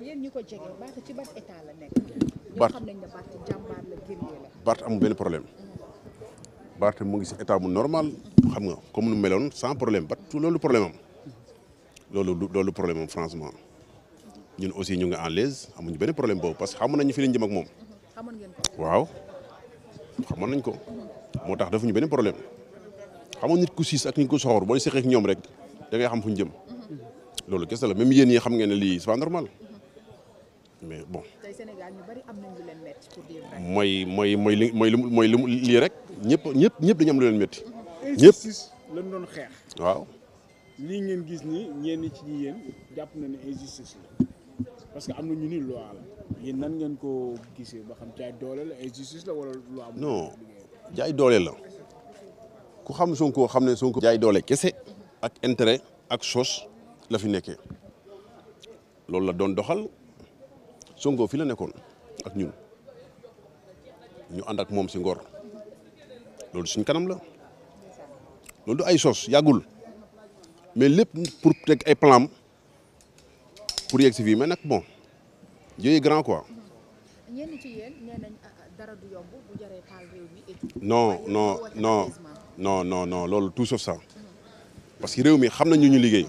yéen ñi ko jege Barth benn problème Barth mu ngi si état bu normal xam nga comme nu meloon sans problème ba loolu problème am loolu loolu problème am franchement ñun aussi ñu ngi en l'aise amuñ benn problème boobu parce que xamoon nañ fi lañ jëm ak moom. xamoon ngeen ko waaw xamoon nañ ko. moo tax defuñu benn problème xam nit ku siis ak nit ku soxor booy seqeek ñoom rek da xam fu ñu jëm. Mhm. loolu kese la même yéen yi xam ngeen lii c'est pas normal. mais bon. tey Sénégal ñu lu leen mooy mooy mooy li lii rek ñëpp ñëpp ñëpp dañu am lu leen métti. ñëpp lañ doon xeex. waaw. lii ngeen gis nii ñenn ci yéen jàpp na ne injustice parce que am na ñu ni loi la yéen nan ngeen ko gisee xam jaay doole la injustice la wala loi. non jaay doole la ku xam Sonko xam ne Sonko jaay doole kese ak intérêt ak soos la fi nekke loolu la doon doxal. Sonko fi la nekkoon ak ñun ñu ànd ak moom si ngor loolu suñ kanam la loolu du ay sos yàggul mais lépp pour teg ay plan pour yegg si fii mais nag bon Dieu grand quoi. ñenn ci yéen nee loolu tout sauf ça parce que réew mi xam nañ ñu ñu liggéey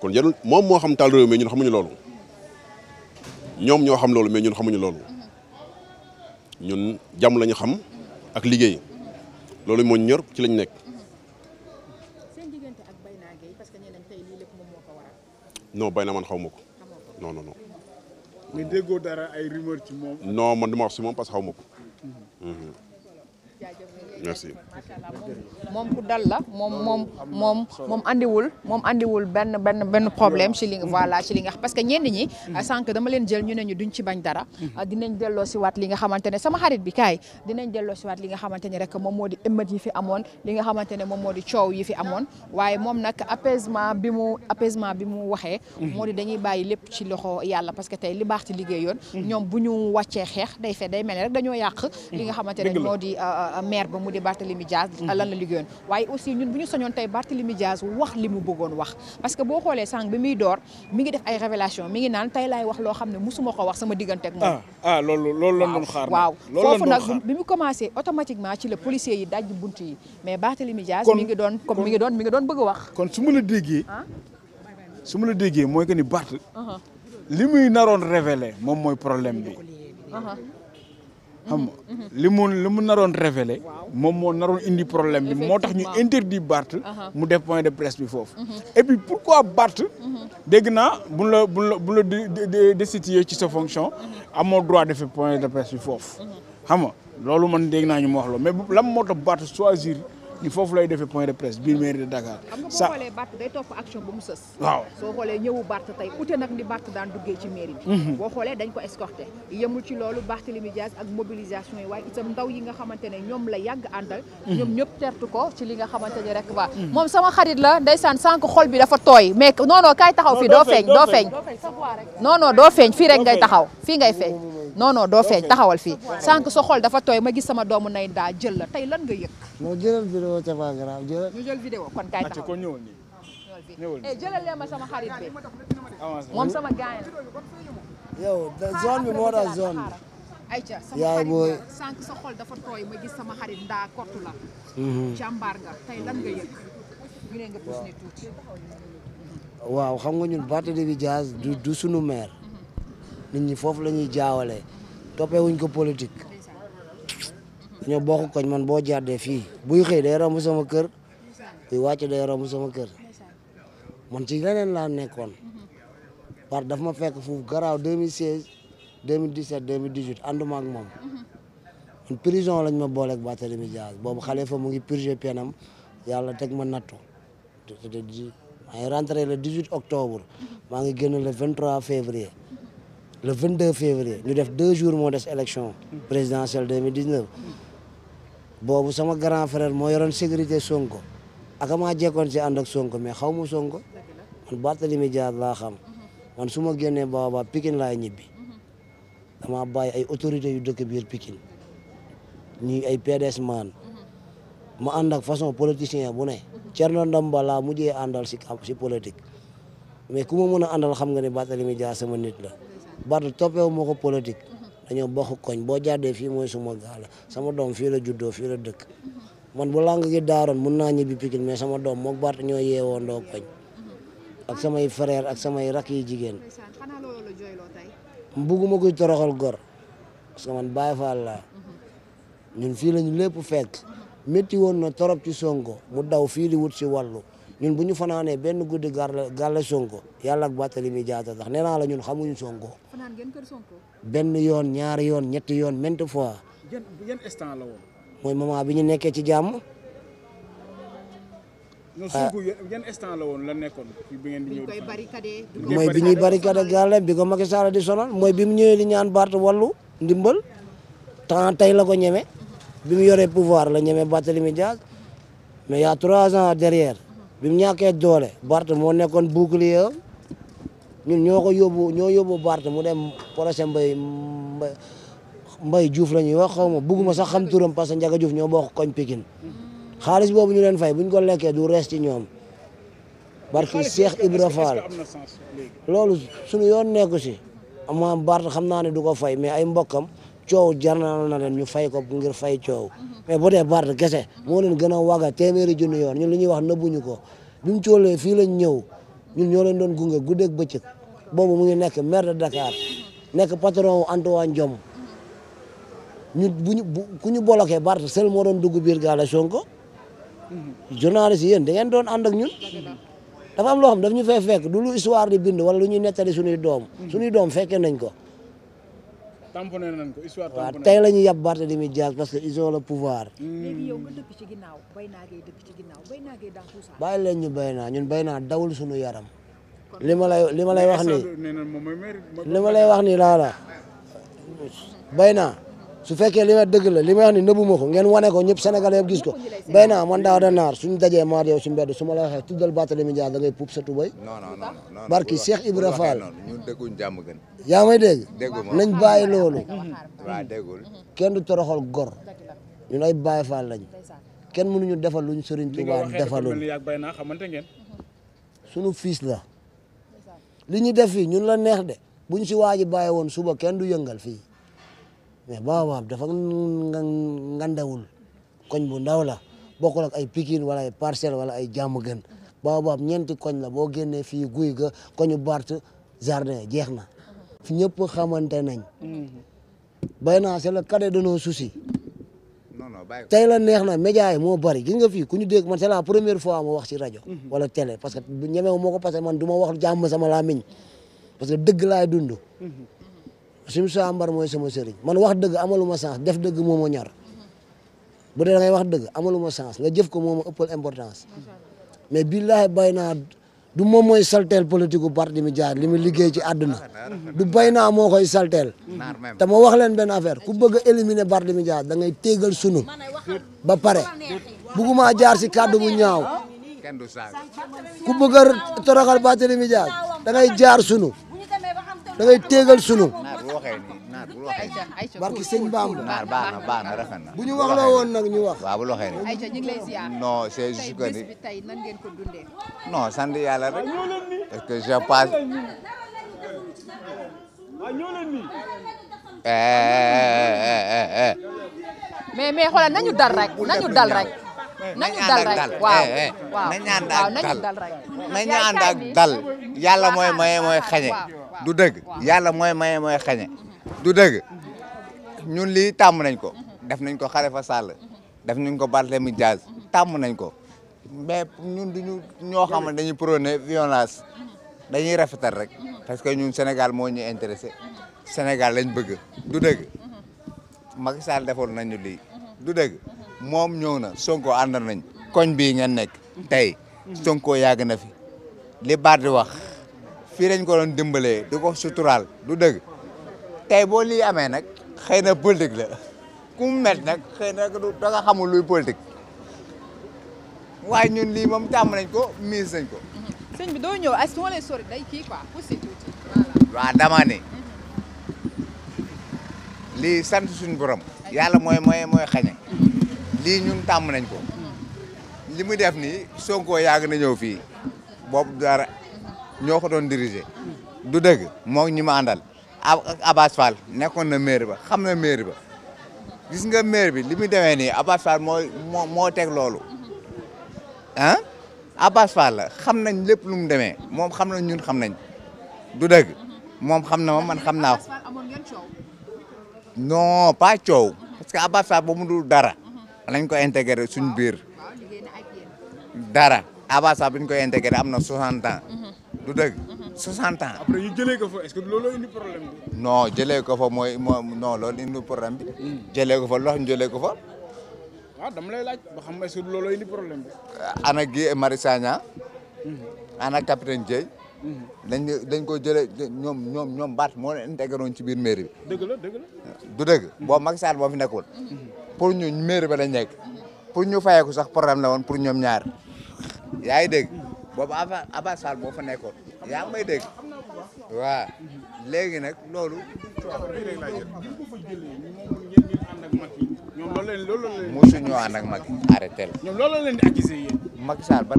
kon jarul moom moo xam taal réew mi ñun xamuñu loolu. ñoom ñoo xam loolu mais ñun xamuñu loolu ñun jàmm lañu xam ak liggéey loolu moo ñor ci lañu nekk. non bay na man xaw ma ko non non non. déggoo dara ay rumeur ci moom. non man duma wax si moom parce xaw ma ko. moom ku dal la moom moom moom moom andiwul moom andiwul benn benn benn problème ci li nga voilà ci li nga parce que ñenn ñi sànq dama leen jël ñu ne ñu duñ ci bañ dara mm-hmm. dinañ delloo si waat li nga xamante ne sama xarit bi kaay dinañ delloo si waat li nga xamante ne rek moom moo di ëmmat yi fi amoon li nga xamante ne moom moo di coow yi fi amoon waaye moom nag apaisement bi mu apaisement bi mu waxee mm-hmm. moo di dañuy bàyyi lépp ci loxo yàlla parce que tey li baax ci liggéey yoon mm-hmm. ñoom bu ñu wàccee xeex day fee mel ne rek dañoo yàq li nga xamante ne di euh, euh, maire mu di Barthélemy Diaz lan la liggéeyoon waaye aussi ñun bu ñu soñoon tey Barthélemy Diaz wax li mu bëggoon wax parce que boo xoolee sànq bi muy door mi ngi def ay révélation mi ngi naan tey laay wax loo xam ne musuma ko wax sama diggante ak ah, ah, loolu loolu la doon xaar waaw foofu nag bi mu ci la policier yi daj bunt yi mais Barthélemy Diaz mi ngi doon comme mi ngi doon mi ngi doon bëgg a wax kon su ma la déggee ah? su ma la déggee mooy que ni Barth uh-huh. li muy naroon révélé moom mooy problème bi uh-huh. xam nga li mu li mu naroon révélé moom moo naroon indi problème bi moo tax ñu interdit Barth mu def point de presse bi foofu mhm. et puis pourquoi Barth mhm. dégg naa buñ la buñ la buñ la destitué ci sa fonction mhm. amoo droit de faire point de presse bi foofu xam nga loolu man dégg naa ñu mu wax loolu mais lan moo tax Barth choisir ni foofu lay defee point de presse biir mairie de Dakar. sa xam nga boo xoolee Barth day topp action bu mu sës. waaw soo xoolee ñëwu Barth tey ute nag ni Barth daan duggee ci mairie bi. Mhm. boo xoolee dañ ko escorté yemul ci loolu Barthélémy Dias ak mobilisation yi waaye itam ndaw yi nga xamante ne ñoom la yàgg àndal. Mhm. ñoom ñëpp tertu ko ci li nga xamante ne rek ba. Mhm. moom sama xarit la ndeysaan sànq xol bi dafa tooy mais non non kaay taxaw fii doo feeñ doo feeñ. non non doo feeñ fii rek ngay taxaw fii ngay feeñ non doo feeñ taxawal fii sànq sa xol dafa tooy ma gis sama doomu nay daa jël la tey lan nga yëg. moom sama gaañ la. yow zone moo tax zone bi. ayca sama xarit sa xol dafa tooy ma gis sama xarit ndaa kottu la. Mm-hmm. jàmbaar nga tey lan nga yëg. waaw xam nga ñun Barthélémy Dias du du sunu maire. nit ñi foofu la ñuy jaawalee toppee wuñ ko politik dañoo bokk koñ man boo jàddee fii buy xëy day romb sama kër buy wàcc day romb sama kër man ci leneen laa nekkoon par daf ma fekk foofu garaaw 2016 2017 2018 ànduma ak moom man prison lañ ma booleeg Barthélémy Dias boobu xale fa mu ngi purgé penam yàlla teg ma nattu maa ngi rentré le 18 octobre maa ngi génn le 23 février le 22 février ñu def deux jours moo des élection présidentielle 2019 boobu sama grand frère moo yoroon sécurité Sonko ak maa jekkoon si ànd ak Sonko mais xaw ma Sonko man Barthélémy Dias laa xam man su ma génnee Baobab Pikine laay ñibbi dama bàyyi ay autorités yu dëkk biir Pikine ñuy ay PDS maan ma ànd ak façon politicien bu ne Thierno Ndamba laa mujjee àndal si si politique mais ku ma mën a àndal xam nga ne Barthélémy Dias sama nit la Badou toppeewu ma ko politique dañoo bokk koñ boo jàddee fii mooy suma gaala sama doom fii la juddoo fii la dëkk man bu làng gi daaroon mun naa ñibbi Pikine mais sama doom mook Bart ñoo yeewoo ndoo koñ ak samay frère ak samay rak yi jigéen bugguma kuy toroxal gor parce que man Baay Faal ñun fii lañu lépp fek metti woon na torop ci Sonko mu daw fii li wut si wàllu ñun bu ñu fanaanee benn guddi gàll gàll Sonko yàlla ak Barthélémy Dias tax nee naa la ñun xamuñu Sonko. fanaan ngeen benn yoon ñaari yoon ñetti yoon maintes fois. yan mooy moment bi ñu nekkee ci jàmm. non la woon bi ngeen di ñëw di mooy bi ñuy barricadé gàll bi ko Macky Sall di sonal mooy bi mu ñëwee li ñaan Barth wallu ndimbal temps tey la ko ñeme. bi mu yore pouvoir la ñeme Barthélémy mi mais y' a trois ans derrière. bi mu ñàkkee doole Barth moo nekkoon bouclier ñun ñoo ko yobu ñoo yobu Barth mu dem projet mbay mbay Diouf la ñuy wax xaw ma bugguma sax xam turam parce que Ndiaga Diouf ñoo bokk koñ Pikine xaalis boobu ñu leen fay ñu ko lekkee du rees ci ñoom barke Cheikh Ibra Fall loolu suñu yoon nekku si amaam Barth xam naa ne du ko fay mais ay mbokkam coow jar na leen ñu fay ko ngir fay coow mais bu dee Bart kese moo leen gën a wàgg téeméeri junni yoon ñun li ñuy wax nëbbuñu ko bi mu coolee fii lañ ñëw ñun ñoo leen doon gunge guddeeg bëccëg boobu mu ngi nekk maire de Dakar nekk patron wu Antoine Diome ñu bu ñu ku ñu bloqué Bart sel moo doon dugg biir gaale Sonko journaliste yéen da ngeen doon ànd ak ñun dafa am loo xam daf ñu fay fekk du lu histoire di bind wala lu ñuy nettali suñuy doom suñuy doom fekkee nañ ko tamponné nañ ko histoire tamponné waaw tey la ñuy yab Barthélémy Dias parce que ils ont le hmm. ci ginnaaw bay naa ngay dëkk ñu bay naa ñun bay naa dawul suñu yaram. li ma lay li ma lay wax nii li ma wax nii laa la su fekkee li ma dëgg la li may wax ni nëbbu ma ko ngeen wane ko ñëpp sénégalais yëpp gis ko béy naa man daaw da naar suñu dajee maar yow si mbedd su ma la waxee tuddal Barthélémy Dias da ngay puub sa tubay barki Cheikh Ibra Fall yaa may dégg nañ bàyyi loolu kenn du toroxal gor ñun ay Baye Fall lañ kenn mënuñu defal luñ Sëriñ Tuubaa defalul suñu fiis la li ñu def fii ñun la neex de buñ si waaji bàyyi woon suba kenn du yëngal fii mais baobab dafa ngandawul koñ bu ndaw la bokkul ak ay Pikine wala ay Parcelles wala ay Diamaguène baobab ñeenti koñ la boo génnee fii guy ga koñu Bart jardin jeex na ñëpp xamante nañ mm-hmm. bay naa c'est le cadet de nos soucis tey la neex na média yi moo bari gis nga fii ku ñu dégg man c'est la première fois ma wax ci rajo mm-hmm. wala télé parce que ñemew moo ko parce que man du ma wax jàmm sama làmmiñ parce que dëgg laay dund mm-hmm. suñu saa mbar mooy sama sëriñ man wax dëgg amaluma sens def dëgg moomo ma bu dee wax dëgg amaluma sens nga jëf ko moo ma ëppal importance mais billahi bay naa du moom mooy salteel politique bu parti mi jaar li mu liggéey ci àdduna du bay naa moo koy salteel te ma wax leen benn affaire ku bëgg a bar parti mi jaar da téegal sunu ba pare bugguma jaar si kaddu bu ñaaw ku bëgg a toroxal parti mi jaar da ngay jaar sunu dangay ngay sunu waxee nii naar bu waxee. barki sëñ Bamba. baax na baax na bu ñu wax la ñu wax. waaw bu waxee nii. sant yàlla rek. Eh, nañu dal rek waaw waaw dal dal yàlla mooy maye mooy xañe du dëgg yàlla mooy maye mooy xañe du dëgg ñun lii tàmm nañ ko def nañ ko Khalifa Sall def nañ ko Barthélémy Dias tàmm nañ ko mais ñun duñu ñoo xam ne dañuy prôné violence dañuy rafetal rek parce que ñu senegal moo ñu intéressé Sénégal lañ bëgg du dëgg Macky Sall defoon nañu lii du dëgg moom ñëw na Sonko ànd nañ koñ bii ñan nekk tey Sonko yàgg na fi li baat di wax fii lañ ko doon dimbalee di ko suturaal du dëgg tey boo lii amee nag xëy na politique la ku mu met nag xëy na da nga xamul luy politique waaye ñun lii moom tàmm ko miis nañ ko. sëñ bi doo ñëw as lay sori day kii quoi aussi tuuti waaw lii sant suñu borom. yàlla mooy mooy mooy xañe. lii ñun tàmm nañ ko li mu def nii Sonko yàgg na ñëw fii boobu dara ñoo ko doon diriger du dëgg moo ñi ma àndal Abass Fall nekkoon na maire ba xam na maire ba gis nga maire bi li mu demee nii Abass Fall moo teg loolu ah Abass Fall la xam nañ lépp lu mu demee moom xam nañ ñun xam nañ du dëgg moom xam na ma man xam naa ko non pas coow parce que Abass Fall ba mu dul dara lañ ko intégré suñ biir dara Aba Sarr bi ñu koy intégré am na 60 ans. Mhm. du dëgg 60 mhm. ans. après ñu jëlee ko fa est-ce que loolu indi problème bi. non jëlee ko fa mooy non loolu indi problème bi. Mm. jëlee ko fa lox ñu jëlee ko fa. waaw ah, dama lay laaj ba xam est-ce que loolu indi problème bi. Euh, ana Guy Marius Sagna. Mm-hmm. dañ mm-hmm. dañ ko jëlee ñoom ñoom ñoom baat moo leen intégré ci biir mairie bi. dëgg boo Macky Sall boo fi nekkoon. Mm-hmm. pour ñu mairie ba lañ nekk pour ñu ku sax problème la woon pour ñoom ñaar yaa ngi dégg boobu avant Abbas boo fa nekkoon yaa ngi may nag loolu. musu ñu ànd ak Macky arrêté la. ñoom loolu leen di accusé yéen. Macky Sall ba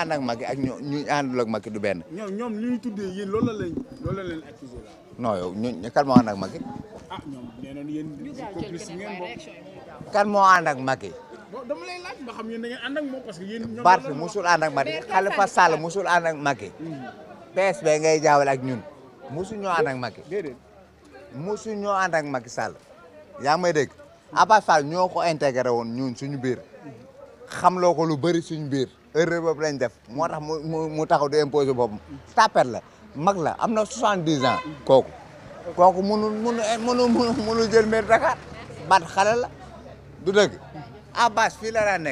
ak Macky ak ñu ñu àndul ak Macky du benn. ñoom ñoom li ñu tuddee ah ñoom moo ànd ak Macky. bon dama lay laaj ba xam yéen da ngeen ànd ak moom parce que yéen. ñoom ak Macky Khalifa Sall musul ànd ak Macky. Mm-hmm. ngay jaawale ak ñun. musul ñoo ànd ak Macky. déedéet ñoo ànd ak Macky Sall. yaa ngi may dégg. Abass Fall ñoo ko intégré woon ñun suñu biir. Mm-hmm. loo ko lu bëri suñu biir. erreur boobu lañ def moo tax mu mu taxaw di imposer boppam. tapet la mag la am na soixante-dix ans kooku. kooku mënul mënul eh, mënul mënul jël maire Dakar bat xale du dëgg Abass ah, fii la daan